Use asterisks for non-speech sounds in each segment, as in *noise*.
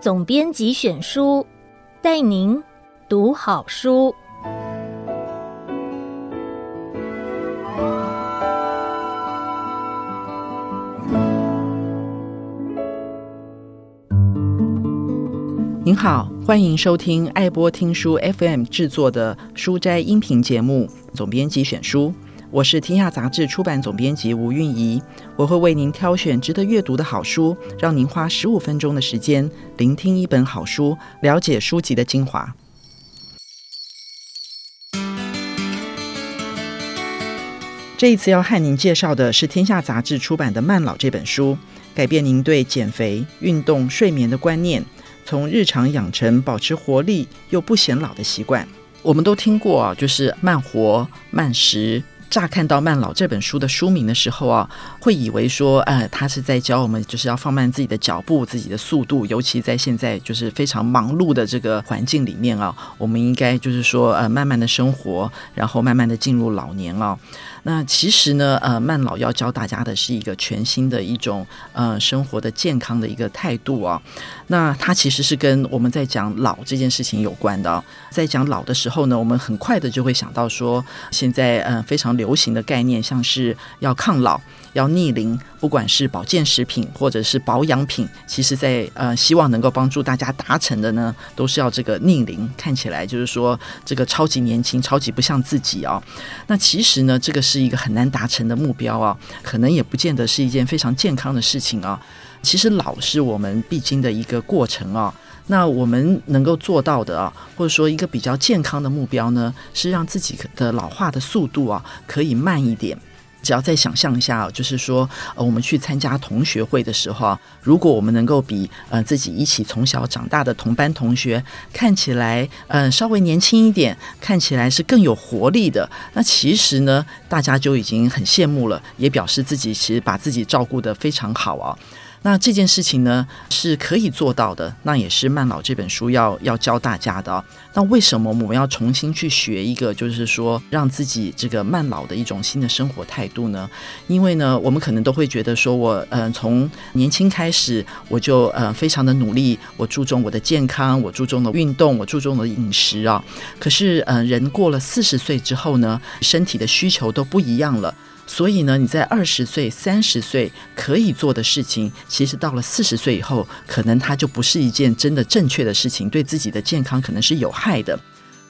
總編輯選書，帶您讀好書。您好，歡迎收聽愛播聽書 FM 製作的書齋音頻節目《總編輯選書》。我是天下雜誌出版總編輯吳韻儀，我會為您挑選值得閱讀的好書，讓您花十五分鐘的時間聆聽一本好書，了解書籍的精華。 *music* 這一次要和您介紹的是天下雜誌出版的《慢老》這本書，改變您對減肥、運動、睡眠的觀念，從日常養成保持活力又不顯老的習慣。我們都聽過，就是慢活、慢食。乍看到《慢老》這本書的書名的時候啊，會以為說，呃，他是在教我們，就是要放慢自己的腳步、自己的速度，尤其在現在就是非常忙碌的這個環境裡面啊，我們應該就是說，呃，慢慢的生活，然後慢慢的進入老年了啊。那其實呢，呃，慢老要教大家的是一個全新的一種呃生活的健康的一個態度啊、哦。那它其實是跟我們在講老這件事情有關的、哦。在講老的時候呢，我們很快的就會想到說，現在嗯、呃，非常流行的概念，像是要抗老、要逆齡，不管是保健食品或者是保養品，其實在呃希望能夠幫助大家達成的呢，都是要這個逆齡，看起來就是說這個超級年輕、超級不像自己哦。那其實呢，這個是。是一個很難達成的目標啊，可能也不見得是一件非常健康的事情啊。其實老是我們必經的一個過程啊，那我們能夠做到的啊，或者說一個比較健康的目標呢，是讓自己的老化的速度啊可以慢一點。只要再想象一下，就是說，呃，我們去參加同學會的時候，如果我們能夠比呃自己一起從小長大的同班同學看起來，嗯、呃，稍微年輕一點，看起來是更有活力的，那其實呢，大家就已經很羨慕了，也表示自己其實把自己照顧得非常好啊、哦。那這件事情呢，是可以做到的，那也是《慢老》這本書要要教大家的、哦。那為什麼我們要重新去學一個，就是說，讓自己這個慢老的一種新的生活態度呢？因為呢，我們可能都會覺得說我，我、呃、嗯，從年輕開始，我就嗯、呃，非常的努力，我注重我的健康，我注重的運動，我注重的飲食啊。可是嗯、呃，人過了四十歲之後呢，身體的需求都不一樣了，所以呢，你在二十歲、三十歲可以做的事情，其實到了四十歲以後，可能它就不是一件真的正確的事情，對自己的健康可能是有害。快的，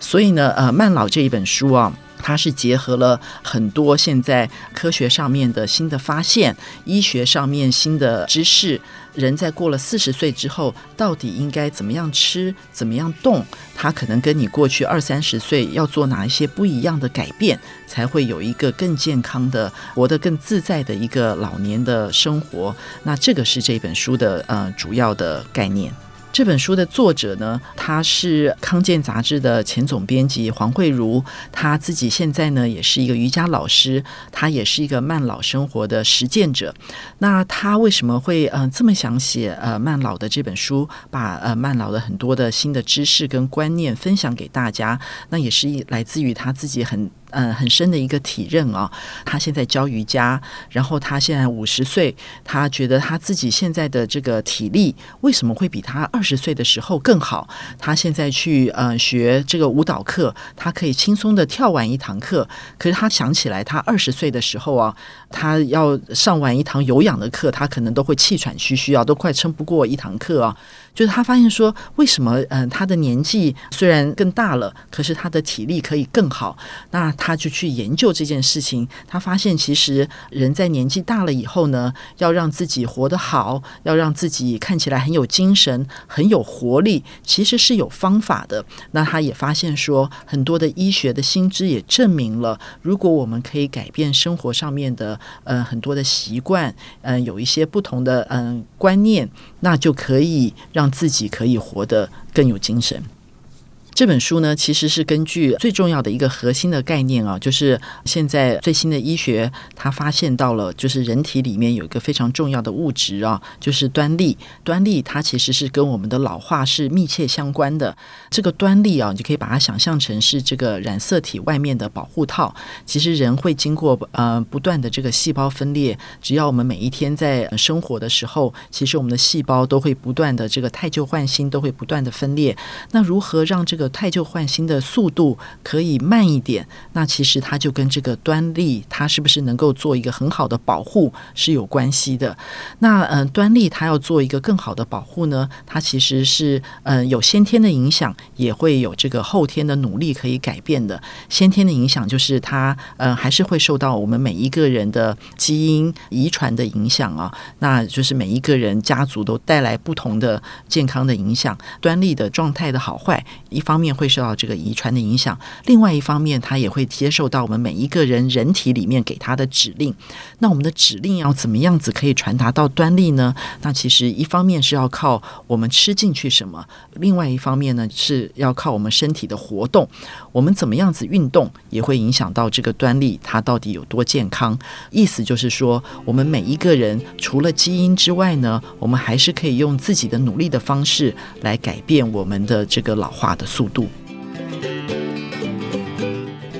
所以呢，呃，慢老這一本書啊，它是結合了很多現在科學上面的新的發現，醫學上面新的知識。人在過了四十歲之後，到底應該怎麼樣吃，怎麼樣動？它可能跟你過去二三十歲要做哪一些不一樣的改變，才會有一個更健康的、活得更自在的一個老年的生活。那這個是這本書的，呃，主要的概念。這本書的作者呢，他是康健雜誌的前總編輯黃惠如，他自己現在呢也是一個瑜伽老師，他也是一個慢老生活的實踐者。那他為什麼會嗯、呃、這麼想寫呃慢老的這本書，把呃慢老的很多的新的知識跟觀念分享給大家？那也是一來自於他自己很。嗯，很深的一個體認啊。他現在教瑜伽，然後他現在五十歲，他覺得他自己現在的這個體力為什麼會比他二十歲的時候更好？他現在去嗯學這個舞蹈課，他可以輕鬆的跳完一堂課，可是他想起來他二十歲的時候啊，他要上完一堂有氧的課，他可能都會氣喘吁吁啊，都快撐不過一堂課啊。就是他發現說，為什麼嗯，他的年紀雖然更大了，可是他的體力可以更好？那他就去研究這件事情。他發現，其實人在年紀大了以後呢，要讓自己活得好，要讓自己看起來很有精神、很有活力，其實是有方法的。那他也發現說，很多的醫學的新知也證明了，如果我們可以改變生活上面的呃很多的習慣，嗯、呃，有一些不同的嗯、呃、觀念。那就可以讓自己可以活得更有精神。這本書呢，其實是根據最重要的一個核心的概念啊，就是現在最新的醫學，它發現到了，就是人體裡面有一個非常重要的物質啊，就是端粒。端粒它其實是跟我們的老化是密切相關的。這個端粒啊，你就可以把它想象成是這個染色體外面的保護套。其實人會經過呃不斷的這個細胞分裂，只要我們每一天在生活的時候，其實我們的細胞都會不斷的這個汰舊換新，都會不斷的分裂。那如何讓這個汰舊換新的速度可以慢一點，那其實它就跟這個端粒，它是不是能夠做一個很好的保護是有關係的。那嗯、呃，端粒它要做一個更好的保護呢，它其實是嗯、呃，有先天的影響，也會有這個後天的努力可以改變的。先天的影響就是它呃還是會受到我們每一個人的基因遺傳的影響啊，那就是每一個人家族都帶來不同的健康的影響，端粒的狀態的好壞一方。方面會受到這個遺傳的影響，另外一方面，他也會接受到我們每一個人人體裡面給他的指令。那我們的指令要怎麼樣子可以傳達到端粒呢？那其實一方面是要靠我們吃進去什麼，另外一方面呢是要靠我們身體的活動。我們怎麼樣子運動也會影響到這個端粒它到底有多健康。意思就是說，我們每一個人除了基因之外呢，我們還是可以用自己的努力的方式來改變我們的這個老化的速。五度。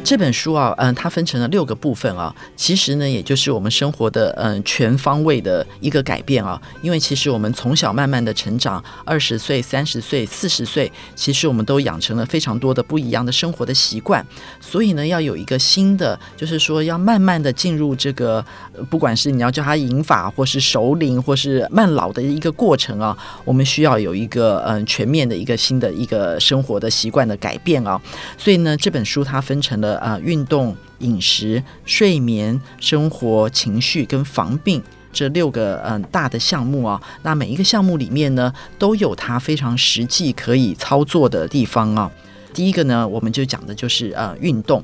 這本書啊，嗯，它分成了六個部分啊。其實呢，也就是我們生活的嗯全方位的一個改變啊。因為其實我們從小慢慢的成長，二十歲、三十歲、四十歲，其實我們都養成了非常多的不一樣的生活的習慣。所以呢，要有一個新的，就是說要慢慢的進入這個，不管是你要叫它銀髮，或是熟齡，或是慢老的一個過程啊。我們需要有一個嗯全面的一個新的一個生活的習慣的改變啊。所以呢，這本書它分成了。呃，運動、飲食、睡眠、生活、情緒跟防病這六個嗯、呃、大的項目啊，那每一個項目裡面呢，都有它非常實際可以操作的地方啊。第一個呢，我們就講的就是呃運動。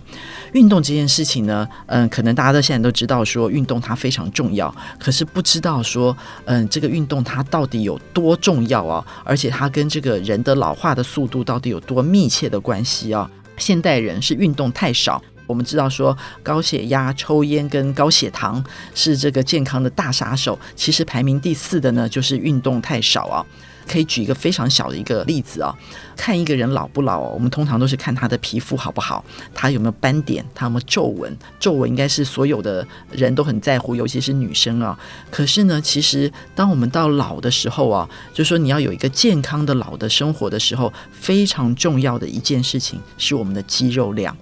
運動這件事情呢，嗯、呃，可能大家都現在都知道說運動它非常重要，可是不知道說嗯、呃、這個運動它到底有多重要啊，而且它跟這個人的老化的速度到底有多密切的關係啊。現代人是運動太少。我們知道說高血壓、抽菸跟高血糖是這個健康的大殺手。其實排名第四的呢，就是運動太少啊。可以舉一個非常小的一個例子啊，看一個人老不老，我們通常都是看他的皮膚好不好，他有沒有斑點，他有沒有皺紋。皺紋應該是所有的人都很在乎，尤其是女生啊。可是呢，其實當我們到老的時候啊，就說你要有一個健康的老的生活的時候，非常重要的一件事情是我們的肌肉量。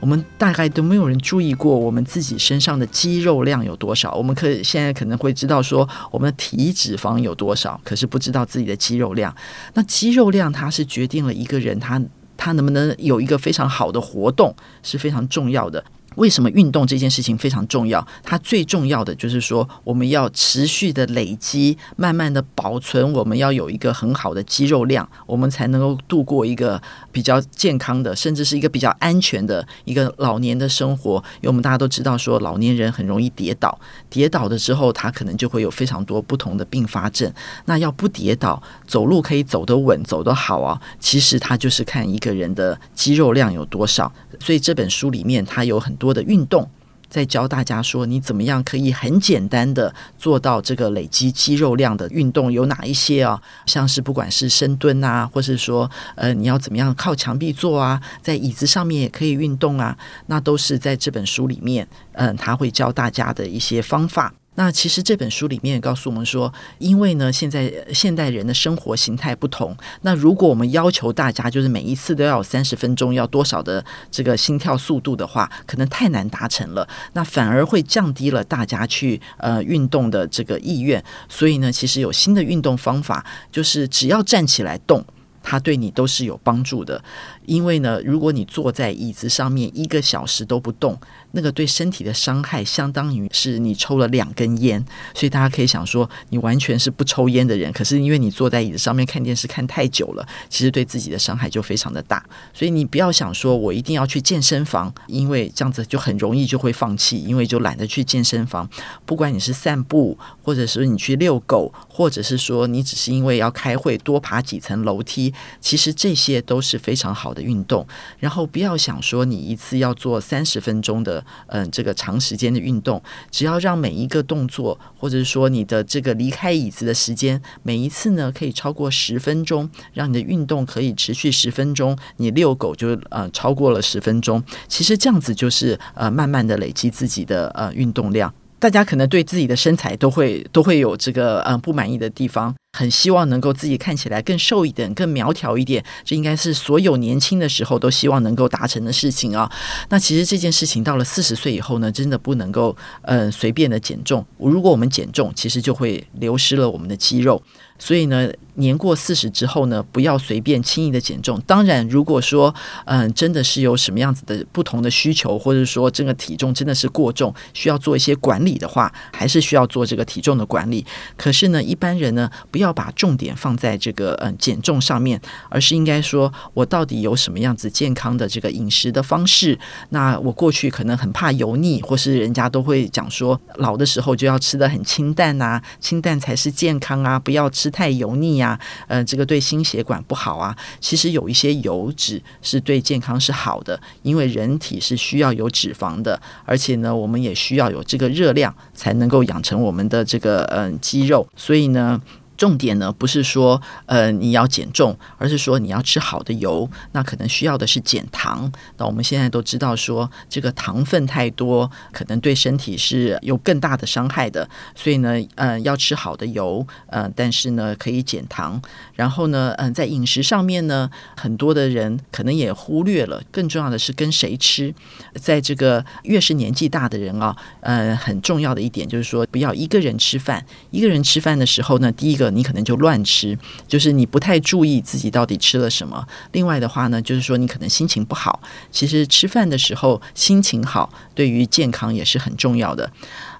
我們大概都沒有人注意過我們自己身上的肌肉量有多少。我們可以現在可能會知道說，我們的體脂肪有多少，可是不知道自己的肌肉量。那肌肉量它是決定了一個人他他能不能有一個非常好的活動，是非常重要的。為什麼運動這件事情非常重要？它最重要的就是說，我們要持續的累積，慢慢的保存，我們要有一個很好的肌肉量，我們才能夠度過一個比較健康的，甚至是一個比較安全的一個老年的生活。因為我們大家都知道，說老年人很容易跌倒，跌倒了之後，他可能就會有非常多不同的併發症。那要不跌倒，走路可以走得穩、走得好啊，其實他就是看一個人的肌肉量有多少。所以這本書裡面，它有很多。的運動，在教大家說你怎麼樣可以很簡單的做到這個累積肌肉量的運動有哪一些啊、哦？像是不管是深蹲啊，或是說呃你要怎麼樣靠牆壁做啊，在椅子上面也可以運動啊。那都是在這本書裡面，嗯、呃，他會教大家的一些方法。那其實這本書裡面也告訴我們說，因為呢，現在現代人的生活形態不同，那如果我們要求大家就是每一次都要三十分鐘，要多少的這個心跳速度的話，可能太難達成了，那反而會降低了大家去呃運動的這個意願。所以呢，其實有新的運動方法，就是只要站起來動，它對你都是有幫助的。因為呢，如果你坐在椅子上面一個小時都不動。那個對身體的傷害相當於是你抽了兩根煙，所以大家可以想說，你完全是不抽煙的人，可是因為你坐在椅子上面看電視看太久了，其實對自己的傷害就非常的大。所以你不要想說我一定要去健身房，因為這樣子就很容易就會放棄，因為就懶得去健身房。不管你是散步，或者是你去遛狗，或者是說你只是因為要開會多爬幾層樓梯，其實這些都是非常好的運動。然後不要想說你一次要做三十分鐘的。嗯，這個長時間的運動，只要讓每一個動作，或者說你的這個離開椅子的時間，每一次呢可以超過十分鐘，讓你的運動可以持續十分鐘。你遛狗就呃超過了十分鐘，其實這樣子就是呃慢慢的累積自己的呃運動量。大家可能對自己的身材都會都會有這個呃不滿意的地方。很希望能夠自己看起來更瘦一點、更苗條一點，這應該是所有年輕的時候都希望能夠達成的事情啊。那其實這件事情到了四十歲以後呢，真的不能夠嗯、呃、隨便的減重。如果我們減重，其實就會流失了我們的肌肉。所以呢，年過四十之後呢，不要隨便輕易的減重。當然，如果說嗯、呃、真的是有什麼樣子的不同的需求，或者說這個體重真的是過重，需要做一些管理的話，還是需要做這個體重的管理。可是呢，一般人呢。不要把重點放在這個嗯減重上面，而是應該說，我到底有什麼樣子健康的這個飲食的方式？那我過去可能很怕油膩，或是人家都會講說老的時候就要吃得很清淡啊，清淡才是健康啊，不要吃太油膩啊，嗯，這個對心血管不好啊。其實有一些油脂是對健康是好的，因為人體是需要有脂肪的，而且呢，我們也需要有這個熱量才能夠養成我們的這個嗯肌肉，所以呢。重點呢，不是說呃你要減重，而是說你要吃好的油。那可能需要的是減糖。那我們現在都知道說，這個糖分太多，可能對身體是有更大的傷害的。所以呢，嗯、呃，要吃好的油，嗯、呃，但是呢可以減糖。然後呢，嗯、呃，在飲食上面呢，很多的人可能也忽略了。更重要的是跟誰吃。在這個越是年紀大的人啊，嗯、呃，很重要的一點就是說，不要一個人吃飯。一個人吃飯的時候呢，第一個。你可能就亂吃，就是你不太注意自己到底吃了什麼。另外的話呢，就是說你可能心情不好。其實吃飯的時候心情好，對於健康也是很重要的。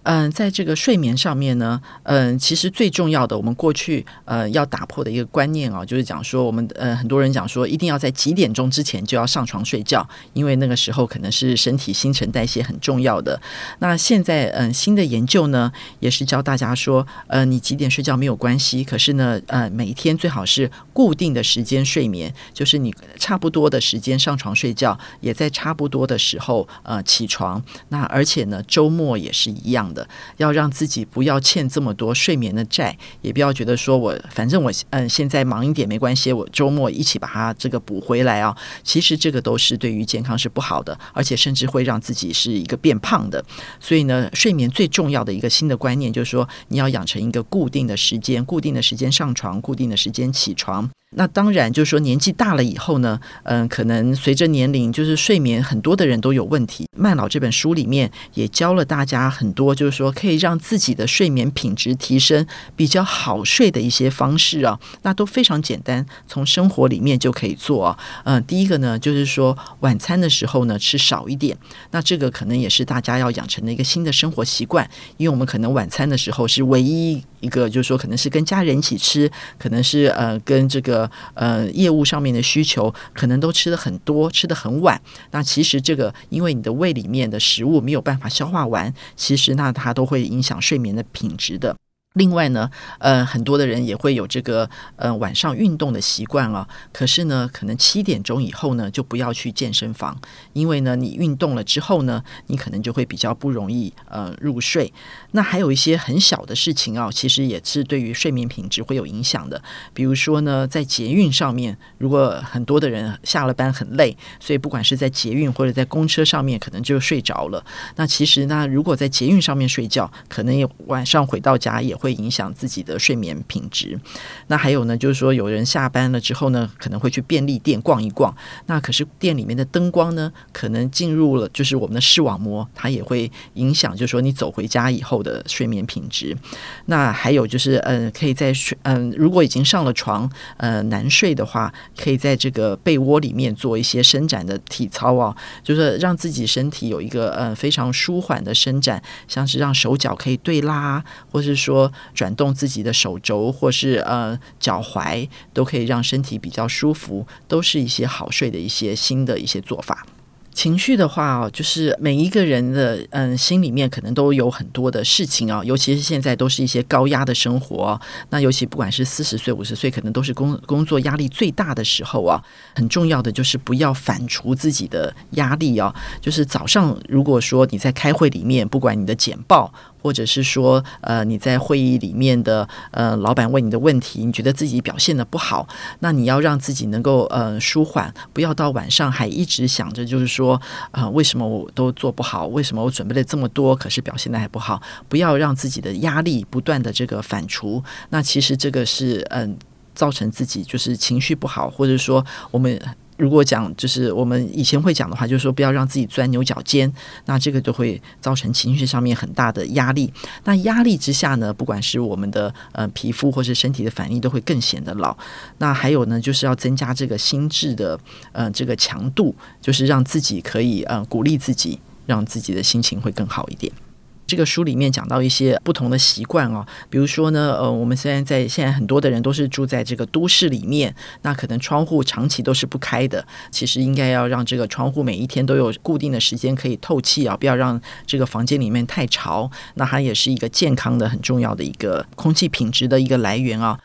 嗯、呃，在這個睡眠上面呢，嗯、呃，其實最重要的，我們過去呃要打破的一個觀念哦，就是講說我們呃很多人講說一定要在幾點鐘之前就要上床睡覺，因為那個時候可能是身體新陳代謝很重要的。那現在嗯、呃，新的研究呢，也是教大家說，呃，你幾點睡覺沒有關係，可是呢，呃，每天最好是固定的時間睡眠，就是你差不多的時間上床睡覺，也在差不多的時候呃起床。那而且呢，周末也是一樣的。要讓自己不要欠這麼多睡眠的債，也不要覺得說我反正我嗯現在忙一點沒關係，我週末一起把它這個補回來啊。其實這個都是對於健康是不好的，而且甚至會讓自己是一個變胖的。所以呢，睡眠最重要的一個新的觀念就是說，你要養成一個固定的時間，固定的時間上床，固定的時間起床。那當然，就是說年紀大了以後呢，嗯、呃，可能隨着年齡，就是睡眠很多的人都有問題。慢老這本書裡面也教了大家很多，就是說可以讓自己的睡眠品質提升，比較好睡的一些方式啊，那都非常簡單，從生活裡面就可以做啊。嗯、呃，第一個呢，就是說晚餐的時候呢吃少一點，那這個可能也是大家要養成的一個新的生活習慣，因為我們可能晚餐的時候是唯一。一個就是說，可能是跟家人一起吃，可能是呃跟這個呃業務上面的需求，可能都吃的很多，吃的很晚。那其實這個，因為你的胃裡面的食物沒有辦法消化完，其實那它都會影響睡眠的品質的。另外呢，呃，很多的人也會有這個，呃，晚上運動的習慣啊。可是呢，可能七點鐘以後呢，就不要去健身房，因為呢，你運動了之後呢，你可能就會比較不容易呃入睡。那還有一些很小的事情啊，其實也是對於睡眠品質會有影響的。比如說呢，在捷運上面，如果很多的人下了班很累，所以不管是在捷運或者在公車上面，可能就睡着了。那其實呢，如果在捷運上面睡覺，可能也晚上回到家也。會影響自己的睡眠品質。那還有呢，就是說，有人下班了之後呢，可能會去便利店逛一逛。那可是店裡面的燈光呢，可能進入了，就是我們的視網膜，它也會影響，就是說你走回家以後的睡眠品質。那還有就是，嗯，可以在睡，嗯，如果已經上了床，呃，嗯，難睡的話，可以在這個被窩裡面做一些伸展的體操啊，就是讓自己身體有一個嗯，非常舒緩的伸展，像是讓手腳可以對拉，或是說。轉動自己的手肘或是呃腳踝，都可以讓身體比較舒服，都是一些好睡的一些新的一些做法。情緒的話就是每一個人的嗯、呃、心裡面可能都有很多的事情啊，尤其是現在都是一些高壓的生活，那尤其不管是四十歲五十歲，可能都是工工作壓力最大的時候啊。很重要的就是不要反芻自己的壓力啊。就是早上如果說你在開會裡面，不管你的簡報。或者是說，呃，你在會議裡面的呃，老板問你的問題，你覺得自己表現得不好，那你要讓自己能夠呃舒緩，不要到晚上還一直想着，就是說，啊、呃，為什麼我都做不好？為什麼我準備了這麼多，可是表現得還不好？不要讓自己的壓力不斷地這個反芻。那其實這個是嗯、呃，造成自己就是情緒不好，或者說我們。如果講就是我們以前會講的話，就是說不要讓自己鑽牛角尖，那這個就會造成情緒上面很大的壓力。那壓力之下呢，不管是我們的呃皮膚或是身體的反應，都會更顯得老。那還有呢，就是要增加這個心智的呃這個強度，就是讓自己可以呃鼓勵自己，讓自己的心情會更好一點。這個書裡面講到一些不同的習慣啊，比如說呢，呃，我們雖然在，在現在很多的人都是住在這個都市裡面，那可能窗戶長期都是不開的，其實應該要讓這個窗戶每一天都有固定的時間可以透氣啊，不要讓這個房間裡面太潮，那它也是一個健康的很重要的一個空氣品質的一個來源啊。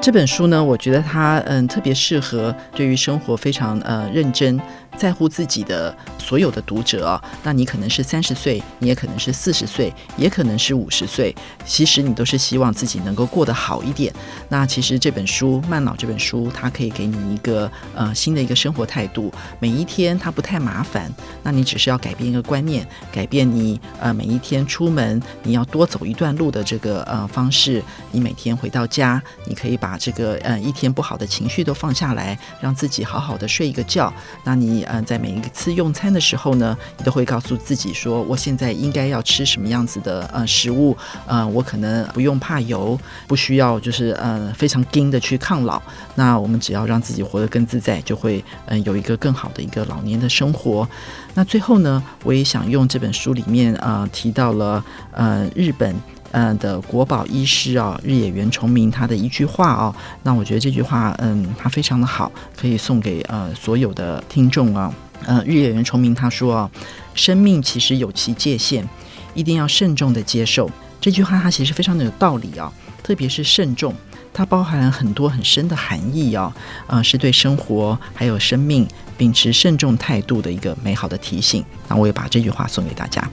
這本書呢，我覺得它嗯特別適合對於生活非常呃認真。在乎自己的所有的讀者哦，那你可能是三十歲，你也可能是四十歲，也可能是五十歲。其實你都是希望自己能夠過得好一點。那其實這本書《慢老》這本書，它可以給你一個呃新的一個生活態度。每一天它不太麻煩，那你只是要改變一個觀念，改變你呃每一天出門你要多走一段路的這個呃方式。你每天回到家，你可以把這個呃一天不好的情緒都放下來，讓自己好好的睡一個覺。那你。嗯、呃，在每一次用餐的時候呢，你都會告訴自己說，我現在應該要吃什麼樣子的呃食物？嗯、呃，我可能不用怕油，不需要就是嗯、呃、非常盯的去抗老。那我們只要讓自己活得更自在，就會嗯、呃、有一個更好的一個老年的生活。那最後呢，我也想用這本書裡面啊、呃、提到了嗯、呃、日本，嗯、呃、的國寶醫師啊，日野原重明他的一句話啊、哦，那我覺得這句話嗯，他非常的好，可以送給呃所有的聽眾啊。呃，日野原重明他說啊，生命其實有其界限，一定要慎重的接受。這句話它其實非常的有道理啊，特別是慎重，它包含了很多很深的含義啊，嗯，是對生活還有生命秉持慎重態度的一個美好的提醒。那我也把這句話送給大家。